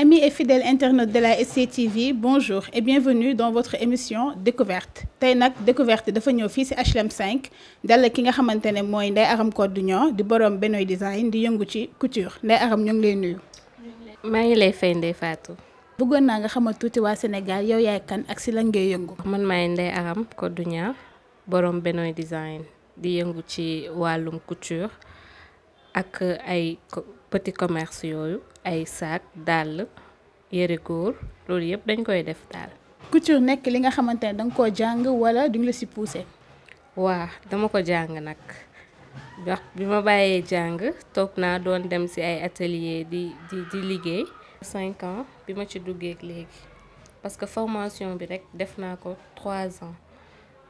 Amis et fidèles internautes de la SCTV, bonjour et bienvenue dans votre émission Découverte. tey Découverte dafa ñëw fii HLM 5 Dans ki nga xamante ne mooy Ndeye Arame du di borom Benoy Design di yëngu couture Ndeye Aram, ñu ngi lay nuyu. maa lay fay Ndeye Fatou. bëggoon naa nga xamal tuuti Sénégal yow yaay kan ak si la ngay yëngu. man maay Ndeye Arame Cordignon borom Benoy Design di yëngu ci couture ak ay petit commerce yooyu ay saak dàll yëre góor loolu yëpp dañ koy def daal. couture nekk li nga xamante ne danga koo jàng wala duñ la si poussé. waa dama ko jàng nag ndax bi ma bàyyee jàng toog naa doon dem si ay atelier di di di liggéey. cinq ans bi ma ci duggee léegi parce que formation bi rek def naa ko trois ans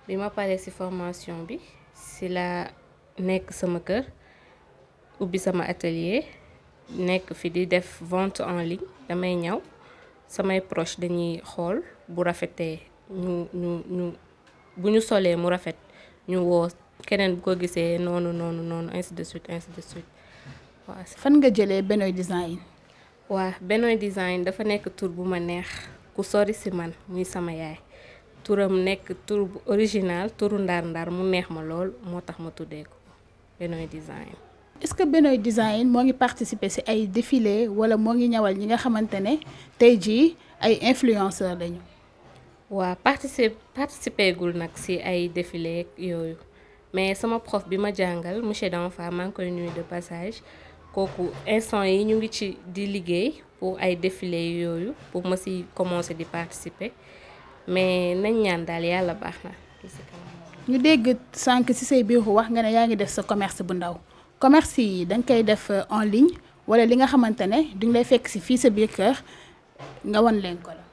bi ma paree si formation bi si la nekk sama kër ubbi sama atelier nekk fi di def vente en ligne damay ñaw samay proche dañuy xool bu rafetee ñu ñu ñu bu ñu solee mu rafet ñu woo keneen bu ko ainsi de suite ainsi de suite waaw fan nga Design waa Design dafa nekk tur bu neex ku sori si man muy sama yaay turam original turu ndar ndar mu neex ma lool ma Design est-ce que benoît Design moo ngi participer ci ay défilé wala moo ngi ñawal ñi nga xamante ne tey ay influenceur lañu. wa participer participer gul nak ci ay défilé yoyu mais sama prof bi ma jàngal monsieur d'enfa maa ngi koy nuyu de passage koku instant yi ñu ngi ci di liggéey pour ay défilé yoyu pour ma ci commencer di participer mais nañ ñaan daal yàlla baax na. ñu dégg sànq ci say biiru wax nga ne yaa ngi def sa commerce bu ndaw commerce yi da koy def euh, en ligne wala li nga xamantene ne du ngi lay fekk si fii sa biir kër nga wan leen ko la.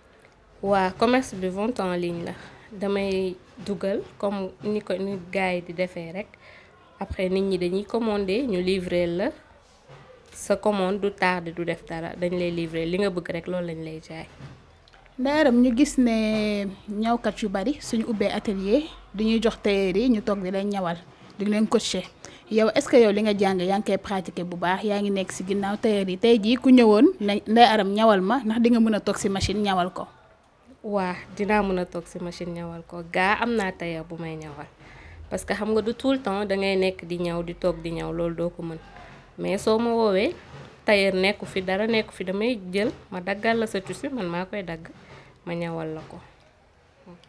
waa commerce bi vente en ligne la damay dugal comme ni ko ni gars di defee rek après nit ñi dañuy commander ñu livrer la sa commande du tardé du def dara dañ lay livrer li nga bëgg rek loolu lañ lay jaay. ndaaram ñu gis ne ñawkat yu bari suñu ubbee atelier dañuy jox tailleur yi ñu toog di leen ñawal. di leen coacher yow est ce que yow li nga jàng yaa ngi koy pratiquer bu baax yaa ngi nekk si ginnaaw tailleur yi tey jii ku ñëwoon aram ñawal ma ndax di nga mën a toog si machine ñawal ko waa dinaa mën a toog si machine ñawal ko gaa am naa tailleur bu may ñawal parce que xam nga du tout le temps da ngay nekk di ñaw di toog di ñaw loolu doo ko mën mais soo ma woowee tailleur nekku fi dara nekku fi damay jël ma daggal la sa tusi man maa koy dagg ma ñawal la ko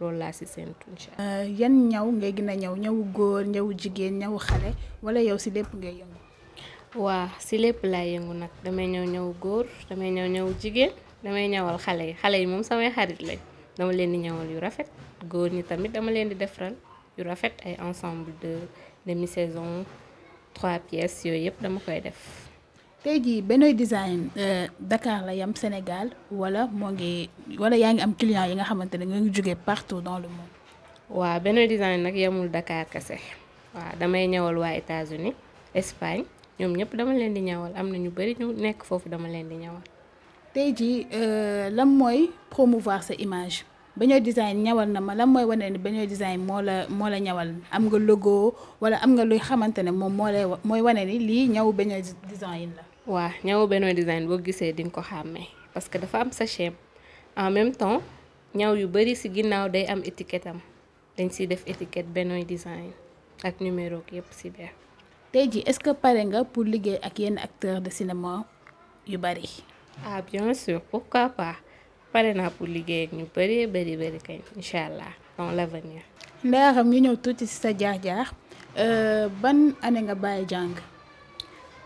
loolu laa si séntu incha allah. Euh, yan ñaw ngay gën a ñaw ñawu góor ñawu jigéen ñawu xale wala yow si lépp ngay yëngu. waa si lépp laay yëngu nag damay ñaw ñawu góor damay ñaw ñawu jigéen damay ñawal xale yi xale yi moom samay xarit lañ dama leen di ñawal yu rafet góor ñi tamit dama leen di def defaral yu rafet ay ensemble de demi saison trois pièces yooyu yëpp dama koy def. tey jii Benoy Design euh, dakaar la yam Sénégal wala moo ngi wala yaa ngi am client yi nga xamante ne nga ngi jóge partout dans le monde. waaw Benoy Design nag yamul Dakar kese waaw damay ñawal waa États-Unis Espagne ñoom ñëpp dama leen di ñawal am na ñu bari ñu nekk foofu dama leen di ñawal. tey jii euh, lan mooy promouvoir sa image Benoy Design ñawal na ma lan mooy wane ne Benoy Design moo la moo ñawal am nga logo wala am nga luy xamante ne moom moo lay mooy wane ni lii ñaw Benoy Design la. waa ñaw Benoy Design boo gisee di nga ko xàmmee parce que dafa am sachet en même temps ñaw yu bari ci ginnaaw day am étiquette am dañ ciy def étiquette Benoy Design ak numéro yépp ci biir. tey jii est-ce que pare nga pour liggéey ak yenn acteurs de cinéma yu bari. ah bien sûr pourquoi pas pare naa pour liggéey ak ñu bari bari bari kañ incha allah dans l'avenir. ndax ñu ñëw tuuti ci sa jaar-jaar euh, ban année nga bàyyi jàng.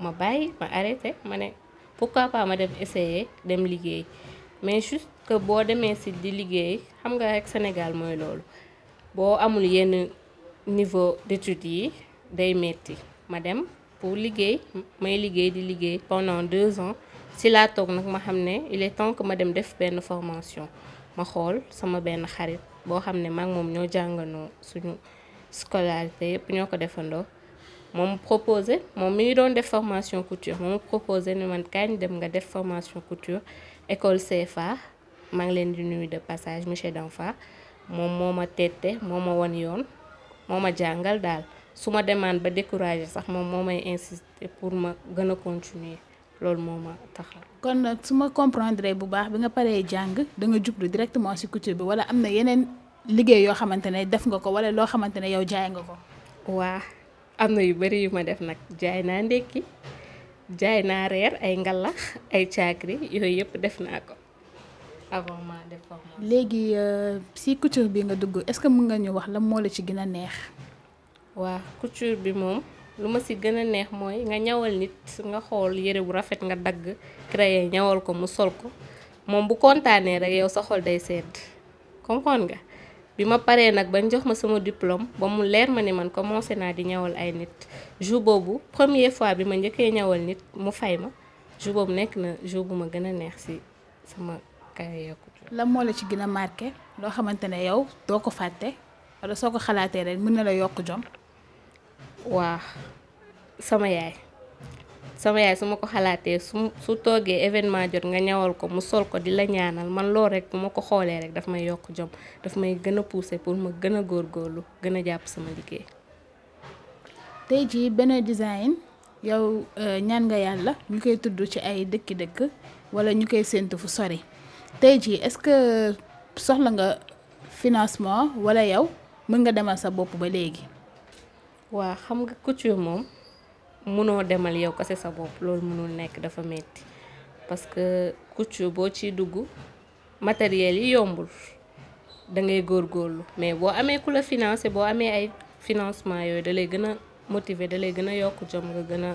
ma bay ma arrêté mané pourquoi pas ma dem essayer dem liggéey mais juste que bo démé ci di liggéey xam nga rek Sénégal moy lolu bo amul yenn niveau d'étude yi day metti ma dem pour liggéey may liggéey di liggéey pendant deux ans si la tok nak ma xamné il est temps que ma dem def ben formation ma xol sama ben xarit bo xamné mak mom ño ñoo suñu scolarité yëpp ñoo ko defandoo moom proposé moom mi ngi doon def formation couture moom proposé ne man kañ dem nga def formation couture école CFA maa ngi leen di nuyu de passage monsieur Danfa moom moo ma tette moo ma won yoon moo ma jàngal daal su ma demande ba découragé sax moom moo may insister pour ma gën a continuer loolu moo ma taxaw. kon nag su ma comprendre bu baax bi nga paree jàng da nga jublu directement ci couture bi wala am na yeneen liggéey yoo xamante ne def nga ko wala loo xamante ne yow jaay nga ko. waa amna yu bari yu ma def nak jaay na ndeki jaay na reer ay ngalax ay caakri yoy yep def naa ko avant ma def léegi euh, si couture bi nga dugg est-ce que mën nga ñu wax la mo la ci gëna neex wa couture bi mom lu ma neex moy nga ñawal nit nga xol yere bu rafet nga dag créer ñawal ko mu sol ko mom bu kontaanee rek yow sa xol day sedd comprendre nga bima paré nak nag bañ jox ma sama diplôme ba mu leer ma ni man commencé naa di ñawal ay nit jour bobu première fois bi ma njëkkee ñawal nit mu fay ma jour bobu nek na jour bu ma gën neex ci sama carrière la mo la ci gëna marqué lo xamantene yow do ko faté wala soko xalaté xalaatee rek mën la yok jom. wa sama yaay. sama yaay su ma ko xalaatee su su toogee événement jot nga ñawal ko mu sol ko di la ñaanal man loo rek bu ma ko xoolee rek daf may yokk jom daf may gën a pousser pour ma gën a góor góorlu gën a jàpp sama liggéey. tey jii benn design yow euh, ñaan nga yàlla ñu koy tudd ci ay dëkki-dëkk wala ñu koy séntu fu sori tey jii est-ce que soxla nga financement wala yow mën nga demal sa bopp ba léegi. waa xam nga couture moom. mënoo demal yow kese sa bopp loolu mënul nekk dafa metti parce que couture boo ciy dugg matériel yi yombul da ngay góorlu mais boo amee ku la financé boo amee ay financement yooyu da lay gën a motiver da lay gën a yokk jom nga gën a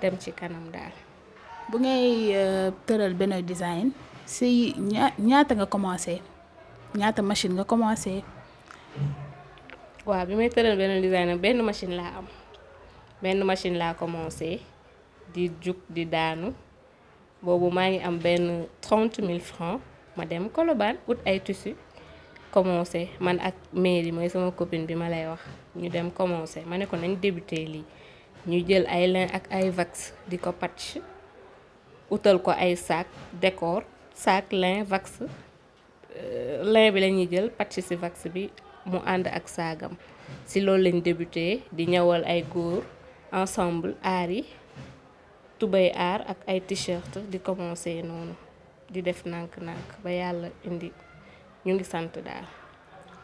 dem ci kanam daal. bu ngay euh, tëral benn design si ñaata nga commencé ñaata machine nga commencé. waaw bi may tëral benn design benn machine laa am. ben machine la commencé di djuk di daanu bobu ma ngi am ben 30 000 francs ma dem Colobane out ay tissu commencé man ak mairie moy sama copine bi malay wax ñu dem commencé mané ko nañ débuté li ñu jël ay lin ak ay vax di ko patch utal ko ay sac décor sac lin vax euh, lin bi lañu jël patch ci vax bi mu and ak sagam si loolu lañ débuté di ñawal ay góor ensemble aar yi tubay aar ak ay t-shirt di commencé noonu di def nànk-nànk ba yàlla indi ñu ngi sant daal.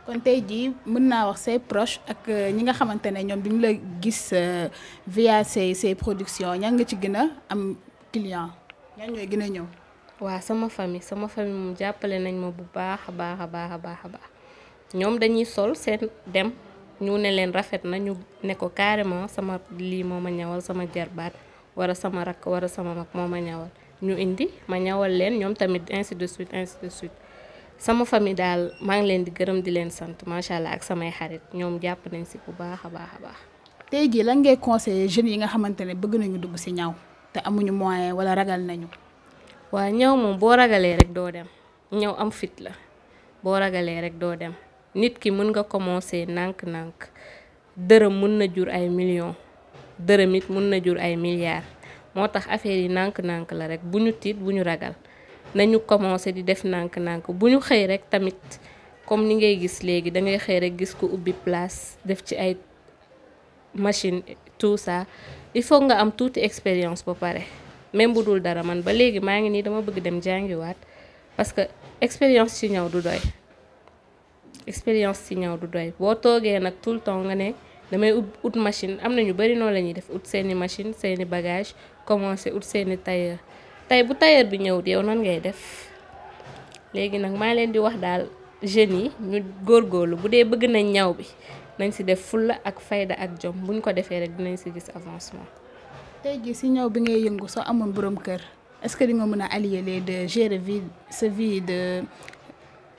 kon tey jii mën naa wax say proche ak euh, ñi nga xamante ne ñoom bi ñu la gis euh, via say say production ñan nga ci gën a am client ñan ñooy gën a ñëw. waa sama famille sama famille moom jàppale nañ ma bu baax a baax a baax a baax a baax ñoom dañuy sol seen dem. ñu ne leen rafet na ñu ne ko carrément sama lii moom ma ñawal sama jarbaat wara sama rakk wara sama mag moom a ñawal ñu indi ma ñawal leen ñoom tamit ainsi de suite ainsi de suite sama famille daal maa ngi leen di gërëm di leen sant macha allah ak samay xarit ñoom jàpp nañ si bu baax a baax a baax. tey jii lan ngay conseiller jeunes yi nga xamante ne bëgg nañu dugg si ñaw te amuñu moyen wala ragal nañu. waa ñaw moom boo ragalee rek doo dem ñaw am fit la boo ragalee rek doo dem. nit ki mën nga commencer nank-nank dërëm mën na jur ay millions dërëm it mën na jur ay milliards motax affaire yi nank-nank la rek buñu tit buñu ragal nañu commencer di def nank-nank buñu xey rek tamit comme ni ngay gis léegi da ngay xey rek gis ko ubi place def ci ay machine tout ça il faut nga am toute expérience ba paré même bu dul dara man ba léegi ma ngi ni dama bëgg dem wat parce que expérience ci ñaw du doy expérience ci ñaw du doy boo toogee nag tout le temps nga ne damay ut machine am na ñu bari noonu la ñuy def ut seeni machine seeni bagage commencé ut seeni tailleur tey bu tailleur bi ñëwut yow nan ngay def léegi nag maa leen di wax daal jeunes yi ñu góorgóorlu bu dee bëgg na ñaw bi nañ ci def fulla ak fayda ak jom buñ ko defee rek dinañ ci gis avancement. tey jii si ñaw bi ngay yëngu soo amoon borom kër est-ce que di nga mën a allier les deux gérer vie sa vie de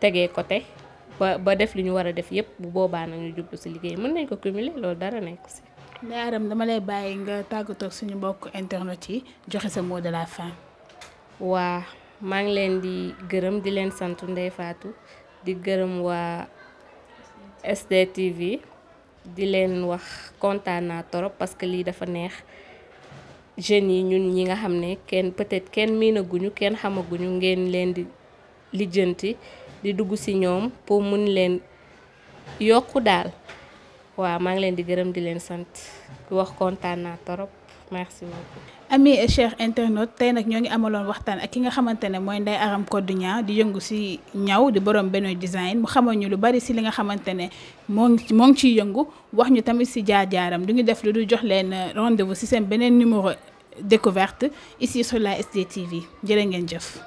tegee côté ba ba def li ñu war a def yépp bu boobaa nañu ñu jublu si liggéey mën nañ ko cumuler loolu dara nekk si. Ndeye Arame dama lay bàyyi nga tàggatoo suñu mbokk internet yi joxe sa moo de la fin. waa maa ngi leen di gërëm di leen santu Ndeye di gërëm waa SDTV di leen wax kontaan naa torop parce que lii dafa neex jeunes yi ñun ñi nga xam ne kenn peut-être kenn miinaguñu kenn xamaguñu ngeen leen di lijjanti. di dugg ci ñoom pour mun leen yokk daal waaw maa ngi leen di gërëm di leen sant di wax kontaan naa torop merci beaucoup. ami cher internaute tey nag ñoo ngi amaloon waxtaan ak ki nga xamante ne mooy nday Arame Codou Niang di yëngu si ñaw di borom Benoy Design mu xamoon ñu lu bari si li nga xamante ne moo ngi moo ngi ciy yëngu wax ñu tamit si jaar-jaaram du ñu def lu du jox leen rendez-vous si seen beneen numéro découverte ici sur la SDTV jërë ngeen jëf.